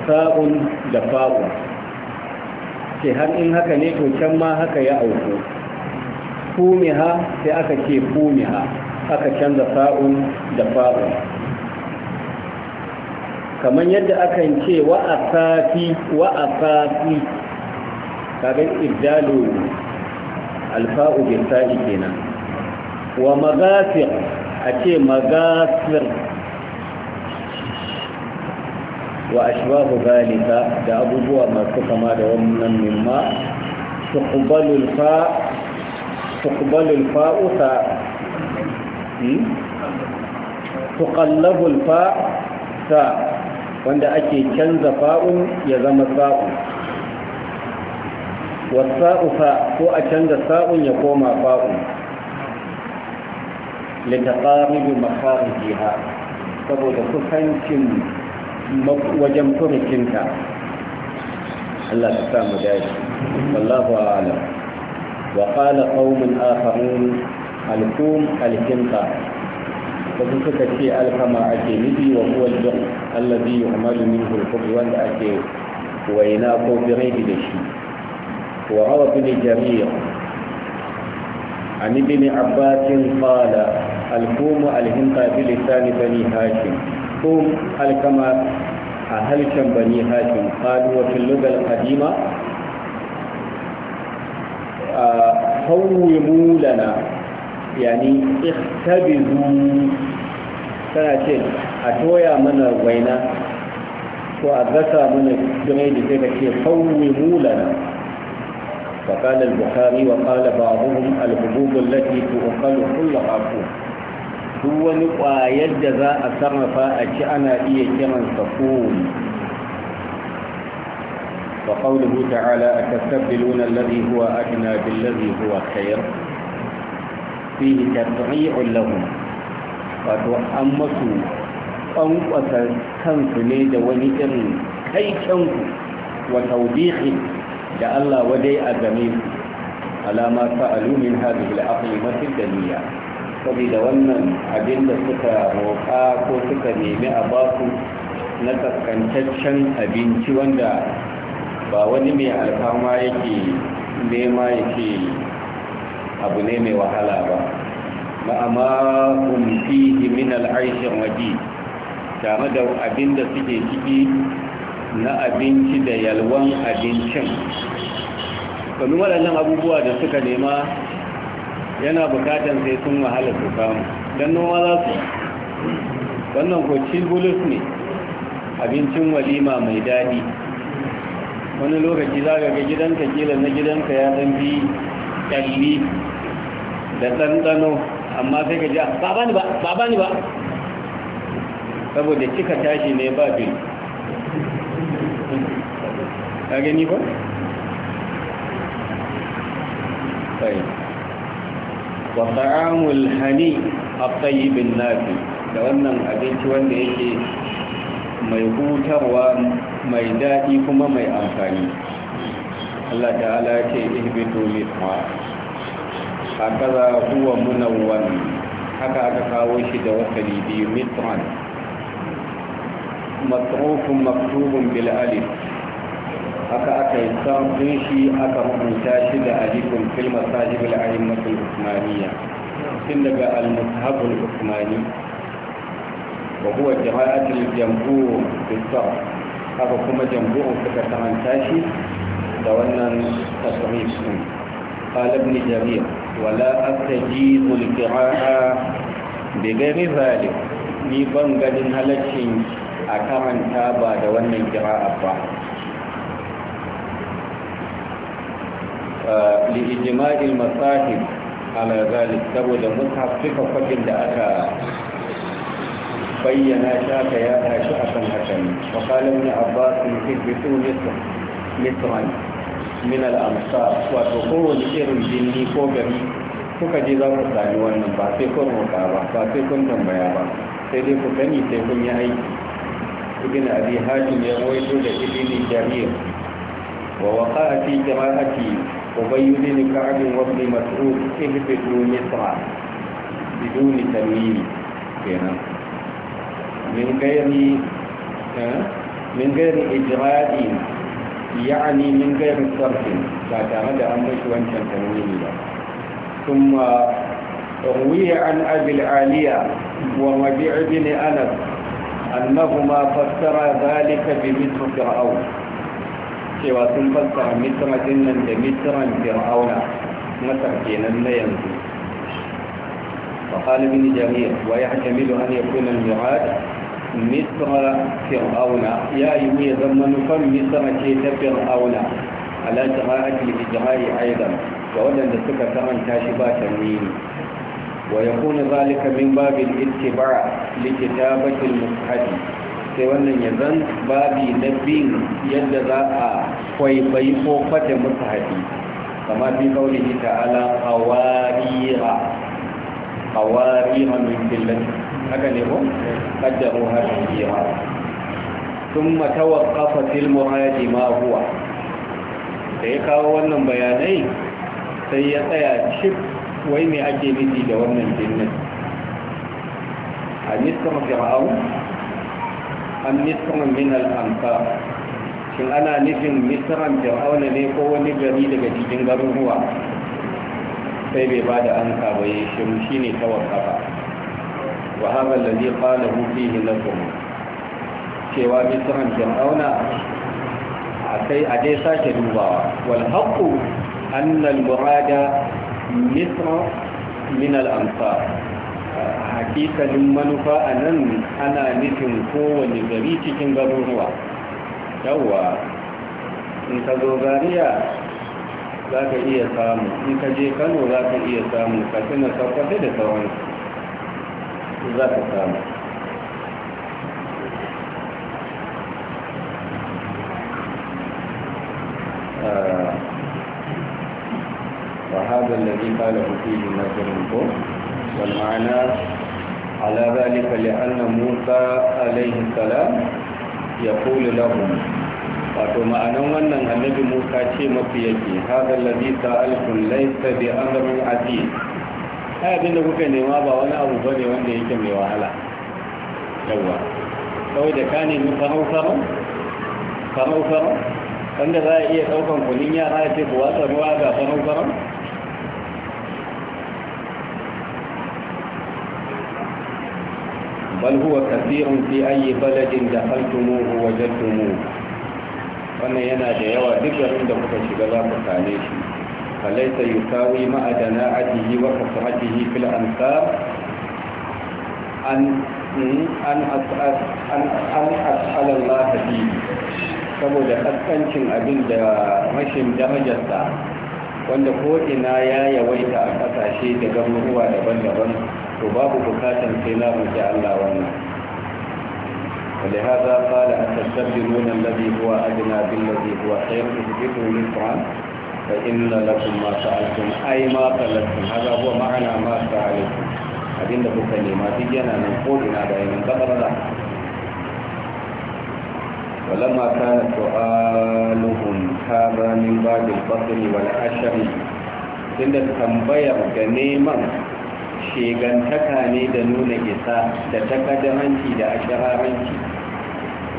Speaker 1: sa'un da fa'un ce har in haka ne to can ma haka ya auku kumiha sai aka ce kumiha aka canza sa'un da fa'un kamar yadda akan ce wa asafi wa asafi kaga iddalu alfa'u bi sa'i kenan wa magafir a ce magafir wa ashbahu zalika da abubuwa masu kama da wannan mimma tuqbalul fa tuqbalul fa'usa hmm? tuqallabul fa'sa wanda ake canza fa'un ya zama sa'u wasa'u fa ko a canza sa'un ya koma fa'un litaqaribu makharijiha saboda kusancin wajen furucinta Allah ta samu dashi wallahu a'lam wa qala qaumun akharun alkum alkinta wasu suka ce alkama ake nufi wa huwa al-dum allazi yu'malu minhu al-khubz wanda ake waina ko biredi da shi wa rawa bin jarir an ibn abbas qala الكوم الهمة بلسان بني هاشم كوم الكما هلكم بني هاشم قالوا وفي اللغة القديمة قوموا آه، لنا يعني اختبزوا سنة أتويا من الوينة وأذكى من الجميل كيف قوموا لنا وقال البخاري وقال بعضهم الحبوب التي تؤكل كل عقوق duk wani ƙwayar da za a sarrafa a ci ana iya kiransa komi wa ƙaunuhu ta'ala a tasabbiluna lalazi huwa adina billazi huwa khayar fihi tafi'un lahum wato an masu ƙwanƙwasa kansu ne da wani irin kaikinku wa taubihin da Allah wadai a game su alama sa'alu min hadhihi al-aqlimati ad-daliya saboda wannan abin da suka roƙa ko suka nemi a baku na ƙasƙantaccen abinci wanda ba wani mai alfama yake nema yake abu ne mai wahala ba ma'ama umfi min al'aishin waje tare da abin da suke ciki na abinci da yalwan abincin domin waɗannan abubuwa da suka nema yana bukatan sai sun wahala su samu don noma za su wannan ko cibulus ne abincin walima mai daɗi wani lokaci za ka ga gidanka kila na gidanka ya san bi ƙyalli da ɗanɗano amma sai ka ji ba ni ba ba ni ba saboda cika tashi ne ba bil ka gani ba? wa ta'amul hani at-tayyibin nafi da wannan abinci wanda yake mai hutarwa mai daɗi kuma mai amfani Allah ta'ala ce ihbitu mitwa haka za huwa munawwan haka aka kawo shi da wasali biyu mitwan matrufun maktubun bil alif haka aka yi samfin shi aka rubuta shi da alifin filmar sahibul a'immatul usmaniya tun daga al-mushabul usmani wa huwa jama'atul jamhur bisar haka kuma jamhur suka samanta da wannan tasrif din qala ibn jarir wala astajibu al-qira'a bi ghairi zalik ni ban ganin halaccin a karanta ba da wannan kira'a li'ijima'il masahib ala zalik saboda mushaf suka kwafin da aka bayyana shi aka yada shi a kan hakan wakalin ne abbasin fitbitu misran min al'amsa wato kowane irin jini ko gari kuka je za ku sami wannan ba sai kun roƙa ba ba sai kun tambaya ba sai dai ku gani sai kun yi aiki ibn abi hajim ya rawaito da ibn jarir wa waqa'a fi jama'ati أبي بن كعب وابن مسعود اهبطوا مصر بدون تمييز كنا من غير من غير إجراء يعني من غير صرف لا تعمد أن مشوان كان تمييز ثم روي عن أبي العالية وربيع بن أنس أنهما فسر ذلك بمثل فرعون cewa sun fassara misra din nan da misran fir'auna masar kenan na yanzu وقال ابن جرير ويحتمل أن يكون المراد مصر فرعون يا يمي زمن فم مصر كيت فرعون على قراءة الإجراء أيضا وأولا لسك كرم كاشبا تنوين ويكون ذلك من باب الاتباع لكتابة المصحف sai wannan ya zan babi na bin yadda za a kwaifai ko kwata musu haɗi kama fi kaulihi ta'ala hawari'a hawari'a mai billah haka ne ko qaddaru hawari'a thumma tawaqqafa fil muhaji ma huwa da ya kawo wannan bayanai sai ya tsaya cik wai mai ake nufi da wannan jinnin a niska mafi ra'au an misran minal amsa shin ana nufin misran fir'auna ne ko wani gari daga cikin garuruwa sai bai ba da anka ba yi shiru shi ne ta wakafa wa haɗa lalzi ƙwada hufi hilakun cewa misran fir'auna a kai a dai sake dubawa wal haƙƙu annal murada misra minal amsa hakikalin manufa a nan ana nufin kowane gari cikin garuruwa yawwa in ka zo gariya za ka iya samu in ka je kano za ka iya samu ka tuna sakwata da sauran za ka samu وهذا الذي قاله فيه نجر والمعنى على ذلك لأن موسى عليه السلام يقول لهم wato ma'anan wannan annabi musa ce mafi yake haɗa lalita alfun laifta da amurin aji ta abin da kuka nema ba wani abu ba ne wanda yake mai wahala yawa kawai da ka nemi farau-farau wanda za a iya ɗaukan kunin yara ce ku watsa ruwa ga farau-farau bal huwa kasirun fi ayi baladin da haltumuhu wajadtumuhu wannan yana da yawa duk garin da kuka shiga za ku same shi falaita yusawi ma'adana ajihi wa kasuhatihi fil ansar an an as'ala Allah fi saboda kaskancin abin da mashin damajarsa wanda ko ina ya yawaita a kasashe da garuruwa daban-daban تباب babu bukatan sai na roƙi ولهذا قال أتستبدلون الذي هو أدنى بالذي هو خير تثبتوا للقرآن فإن لكم ما سألتم أي ما قلتم هذا هو معنى ما سألتم abinda kuka nema من قولنا هذا ko'ina da yanin ولما كان سؤالهم هذا من باب البطن والعشر عند تنبير جنيما shegantaka ne da nuna isa da takadamanci da ashiraranci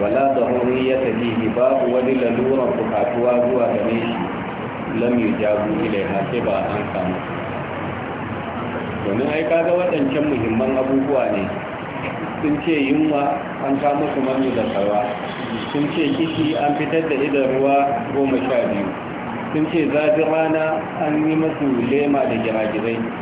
Speaker 1: wala da zaruriyata bihi babu wani lalurar bukatuwa zuwa game shi lam yujabu ilaiha sai ba an samu domin ai kaga waɗancan muhimman abubuwa ne sun ce yunwa an kama su manu da Sawa. sun ce kishi an fitar da idan ruwa goma sha biyu sun ce zafi rana an yi masu lema da gira-girai.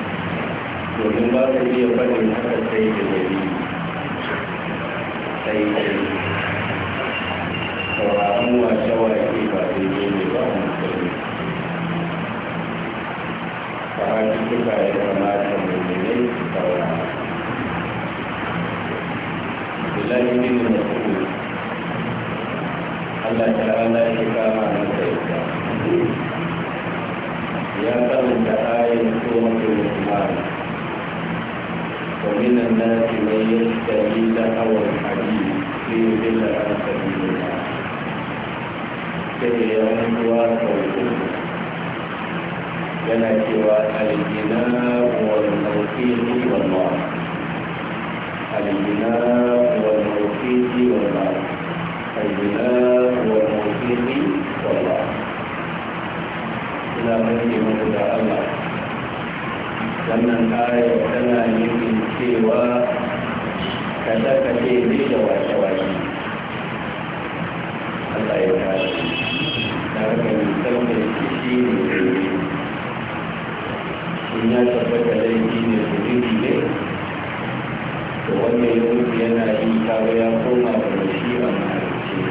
Speaker 1: domin ba su iya faɗin haka sai da gari sai da sauraron washe-washe ba daidai
Speaker 2: ne ba a musulmi fahimci suka ya
Speaker 1: kamata mummunai su saurara Abdullahi bin Mas'ud Allah ta'ala ya kama masa ita ya karanta ayin suratul Luqman ومن الناس من يشتري له الحديث ليضل عن سبيل الله سيري رحمه الله ويقول سوى الغناء والموسيقى والنار الغناء والموسيقى والنار الغناء والموسيقى والنار إلى من يمنع الله wannan ayar tana nufin cewa kace-kace ne da wace-wace Allah ya kare da haka musamman da shi ne zai in ya tabbata laifi ne zunubi ne da wanda ya mutu yana yi kawo ya koma da shi a mahalarci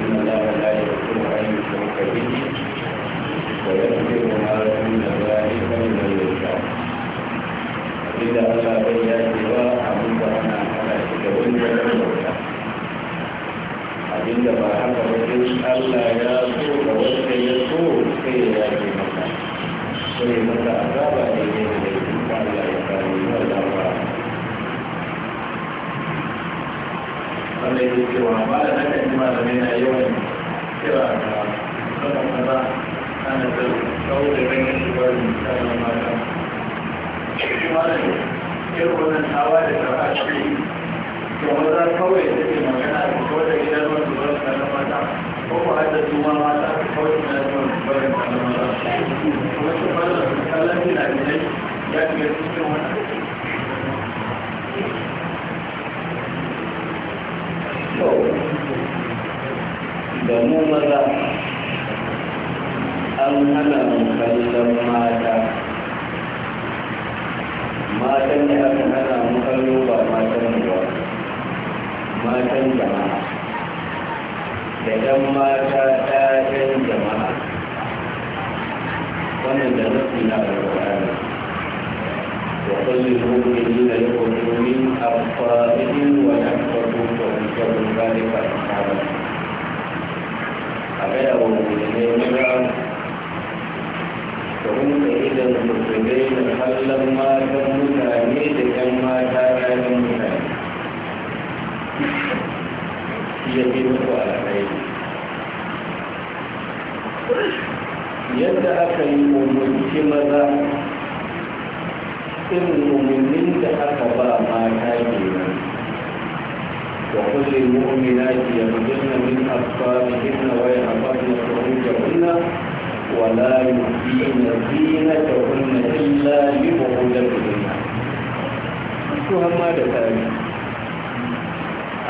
Speaker 1: inna Allah la
Speaker 2: yaghfiru an yushraka bihi ويغفرها دون ذلك لمن
Speaker 1: يشاء إذا أتى بياتها حمد ba haka ba sai Allah ya so da wanda ya so sai ya yake maka sai maka azaba ne ne da ya ba Allah ya kare mu da ba
Speaker 2: Allah ya ce wa ba da haka ni ma da ne yawan kira ka kada ka.
Speaker 1: da mu maza an hana mu kallon mata matan ya aka hana mun kallo ba matan ba matan jama'a da ɗan mata ɗayan jama'a wannan da nasu na alƙur'ani وكل المؤمنين يخرجوا من أبصارهم ويحفظوا فهم ذلك أصحابهم أبدا ومؤمنين معهم da wani tsaye da musulmai da kallon da mutane da yan mata yayin mutane ya fi yadda aka yi umarci maza irin umarnin da aka ba mata kenan وقل للمؤمنات يغضن من أبصارهن ويحفظن فروجهن ولا يؤذين زينتهن الا لبعولتهن su hamma da tari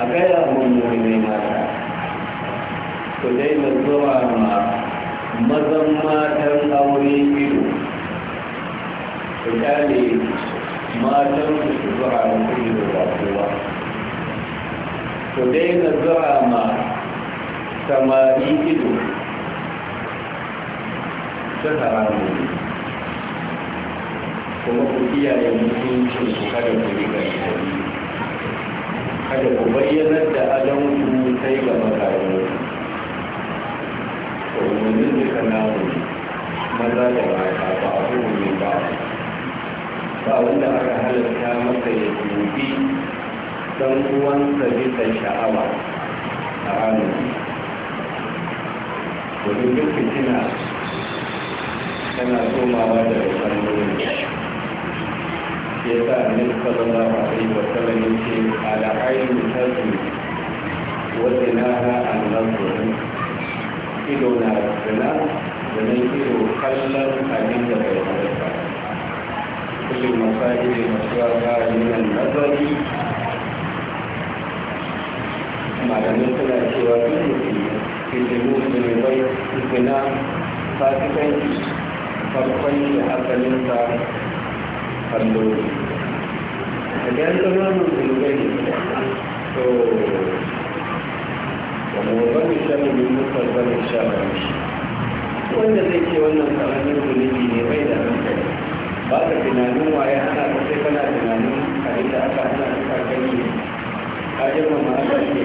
Speaker 1: a kaya mun muhimmai mata ku daina zuwa ma mazan matan aure ido ku kyale zuwa mun kuli da ku daina zuwa ma samari ido duk haramun kuma ku kiyaye mutuncin ku kada ku riga gari. kada ku bayyanar da adon ku sai ga makaru to domin duka namu maza da mata ba a ne ba ba wanda aka halatta masa ya dubi dan uwansa bisa sha'awa a ranar domin duk fitina tana komawa da ɓangarorin ya sa za sallallahu kai wa sallam ya ce al'ainu tazmi wa zinaha an-nazr ido na zina da nan ido kallon abin da bai halatta kullu masa'ili maswaqa min an-nazari malamin suna cewa duk mutum ke da mutum mai bai zina fasikanci farkon shi asalinsa kalloli idan ta zama zunubai to wani wani shanu ne mutar zama shabar shi wanda zai ke wannan karamin zunubi ne bai da hankali ba ka tunanin waye ana ka sai kana tunanin a inda aka ana suka kai ne ka yi ma aka ce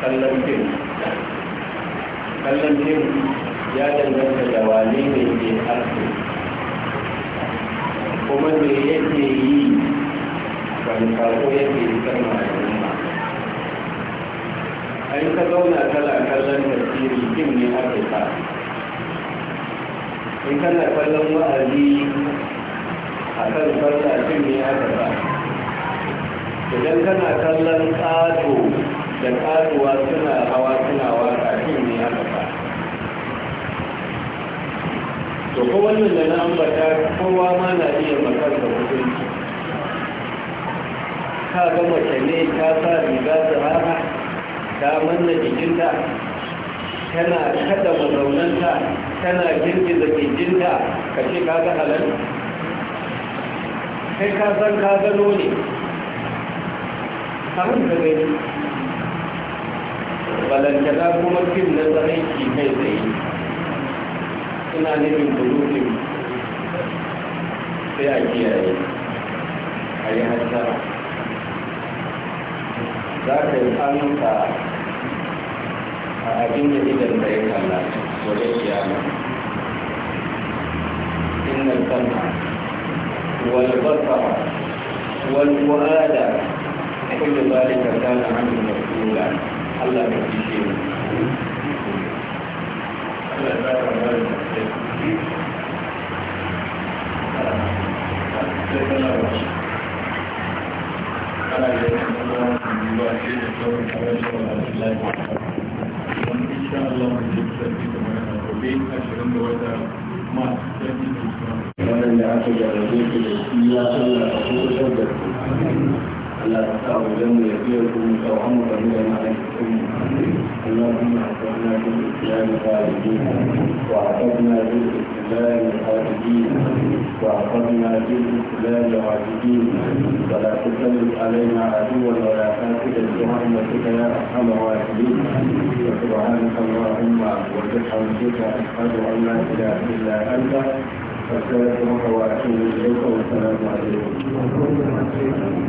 Speaker 1: kallon fim kallon fim ya danganta da wane ne ke haske kuma me yake yi wani farko yake yi sama a an ka zauna kala kallon tasiri kim ne ake sa in kana kallon wa'azi a kan farsa kim ne aka sa idan kana kallon ƙato da ƙatuwa suna hawa to ko da na ambata kowa ma na iya makar da hukunci ka gama mace ta sa riga tsirara ta manna jikinta tana kada mazaunanta tana girgiza jikinta ka ce ka ga halal kai ka san ka gano ne kamar ka gani balantana kuma fim na tsaraiki kai tsaye suna nufin bulutun sai a kiyaye a yi hasara za ka yi tsanuka a abin da idan da ya kalla wajen kiyama inna sama wal basara wal da kullu zalika kana anhu mas'ula Allah ya kishiyar wannan da aka jarabe ku da shi ya sallaka ko kusa da ku ألا تسعوا الجنة يبيعكم شرعهم فإذا عليكم اللهم أعطنا بالإسلام خالدين وأعطنا بالإسلام خالدين وأعطنا بالإسلام عاجدين ولا تسلط علينا عدوا ولا فاسدا برحمتك يا أرحم الراحمين وسبحانك اللهم وبحمدك أشهد أن لا إله إلا أنت
Speaker 2: أستغفرك وأتوب إليك والسلام عليكم